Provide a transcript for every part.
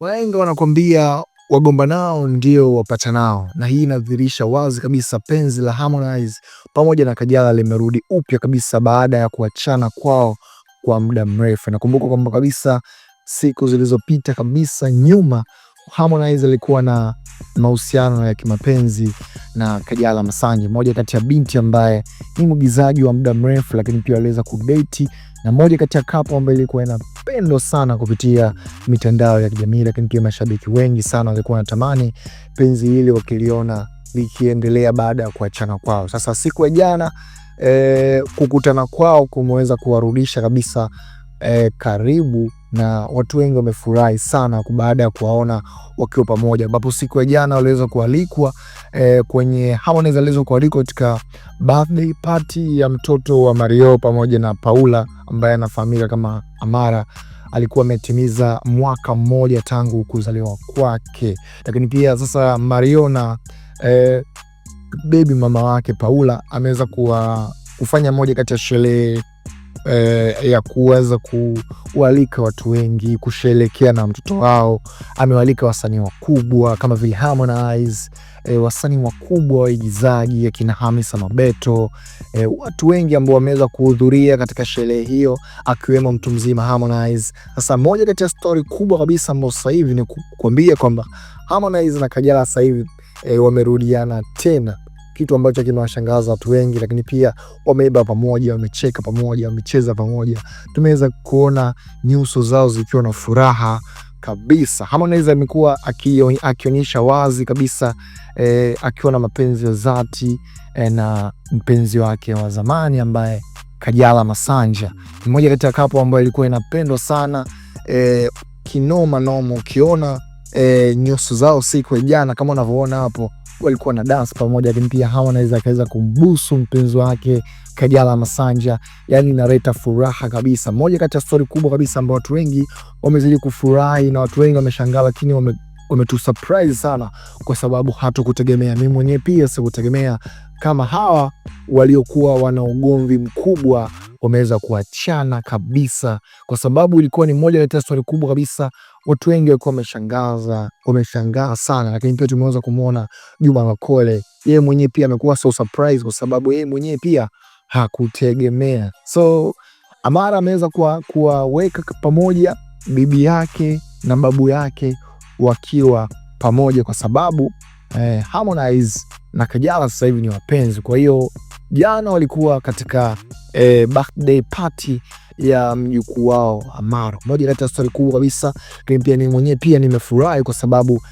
Wahenga wanakwambia nao ndio wapata nao na hii inadhihirisha wazi kabisa penzi la Harmonize pamoja na Kajala limerudi upya kabisa baada ya kuachana kwao kwa muda mrefu. Nakumbuka kwamba kabisa siku zilizopita kabisa nyuma Harmonize alikuwa na mahusiano ya kimapenzi na Kajala Masanji, moja kati ya binti ambaye ni mwigizaji wa muda mrefu, lakini pia aliweza kudeti na moja kati ya kapo ambaye ilikuwa inapendwa sana kupitia mitandao ya kijamii, lakini pia mashabiki wengi sana walikuwa wanatamani penzi hili wakiliona likiendelea baada ya kuachana kwao. Sasa siku ya jana e, kukutana kwao kumeweza kuwarudisha kabisa eh, karibu na watu wengi wamefurahi sana baada ya kuwaona wakiwa pamoja, ambapo siku ya jana waliweza kualikwa eh, kwenye Harmonize aliweza kualikwa katika birthday party ya mtoto wa Mario pamoja na Paula ambaye anafahamika kama Amara alikuwa ametimiza mwaka mmoja tangu kuzaliwa kwake, lakini pia sasa Mario na eh, bebi mama wake Paula ameweza kuwa kufanya moja kati ya sherehe eh, ya kuweza kuwalika watu wengi kusherekea na mtoto wao. Amewalika wasanii wakubwa kama vile Harmonize, eh, wasanii wakubwa waigizaji akina Hamisa Mobeto, eh, watu wengi ambao wameweza kuhudhuria katika sherehe hiyo akiwemo mtu mzima Harmonize. Sasa moja kati ya stori kubwa kabisa ambao sasa hivi ni kuambia kwamba Harmonize na Kajala sasa hivi eh, wamerudiana tena kitu ambacho kimewashangaza watu wengi, lakini pia wameiba pamoja, wamecheka pamoja, wamecheza pamoja. Tumeweza kuona nyuso zao zikiwa na furaha kabisa. Harmonize amekuwa akionyesha wazi kabisa eh, akiwa na mapenzi ya dhati eh, na mpenzi wake wa zamani ambaye Kajala Masanja ni moja kati ya kapo ambayo ilikuwa inapendwa sana eh, kinoma nomo Ukiona e, nyuso zao siku ya jana kama unavyoona hapo walikuwa na dance pamoja, lakini pia Harmonize akaweza kumbusu mpenzi wake Kajala Masanja, yani inaleta furaha kabisa. Moja kati ya stori kubwa kabisa ambayo watu wengi wamezidi kufurahi na watu wengi wameshangaa, lakini wame, wametu surprise sana, kwa sababu hatukutegemea. Mimi mwenyewe pia sikutegemea kama hawa waliokuwa wana ugomvi mkubwa wameweza kuachana kabisa, kwa sababu ilikuwa ni moja ya stori kubwa kabisa. Watu wengi walikuwa wameshangaza, wameshangaa sana, lakini pia tumeweza kumwona Juma Makole, yeye mwenyewe pia amekuwa so surprise, kwa sababu yeye mwenyewe pia hakutegemea. So Amara ameweza kuwaweka pamoja bibi yake na babu yake wakiwa pamoja, kwa sababu eh, Harmonize na Kajala sasa hivi ni wapenzi, kwa hiyo Jana walikuwa katika e, birthday party ya mjukuu wao Amaro. Moja kati ya stori kubwa kabisa, lakini pia ni mwenyewe pia nimefurahi kwa sababu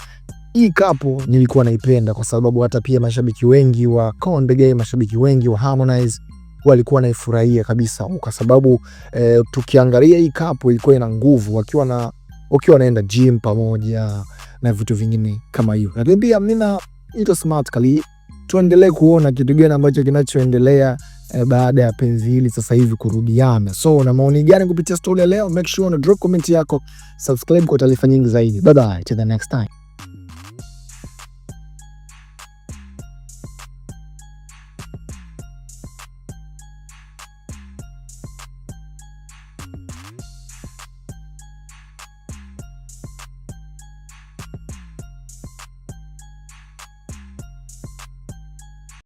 hii kapo nilikuwa naipenda, kwa sababu hata pia mashabiki wengi wa Konde Gang, mashabiki wengi wa Harmonize walikuwa naifurahia kabisa, kwa sababu e, tukiangalia hii kapo ilikuwa ina nguvu, wakiwa na wakiwa naenda gym pamoja na vitu vingine kama hiyo. lakini pia na ito smart kali tuendelee kuona kitu gani ambacho kinachoendelea e, baada ya penzi hili sasa hivi kurudiana. So na maoni gani kupitia stori ya leo? Make sure una drop comment yako, subscribe kwa taarifa nyingi zaidi. Bye bye, till the next time.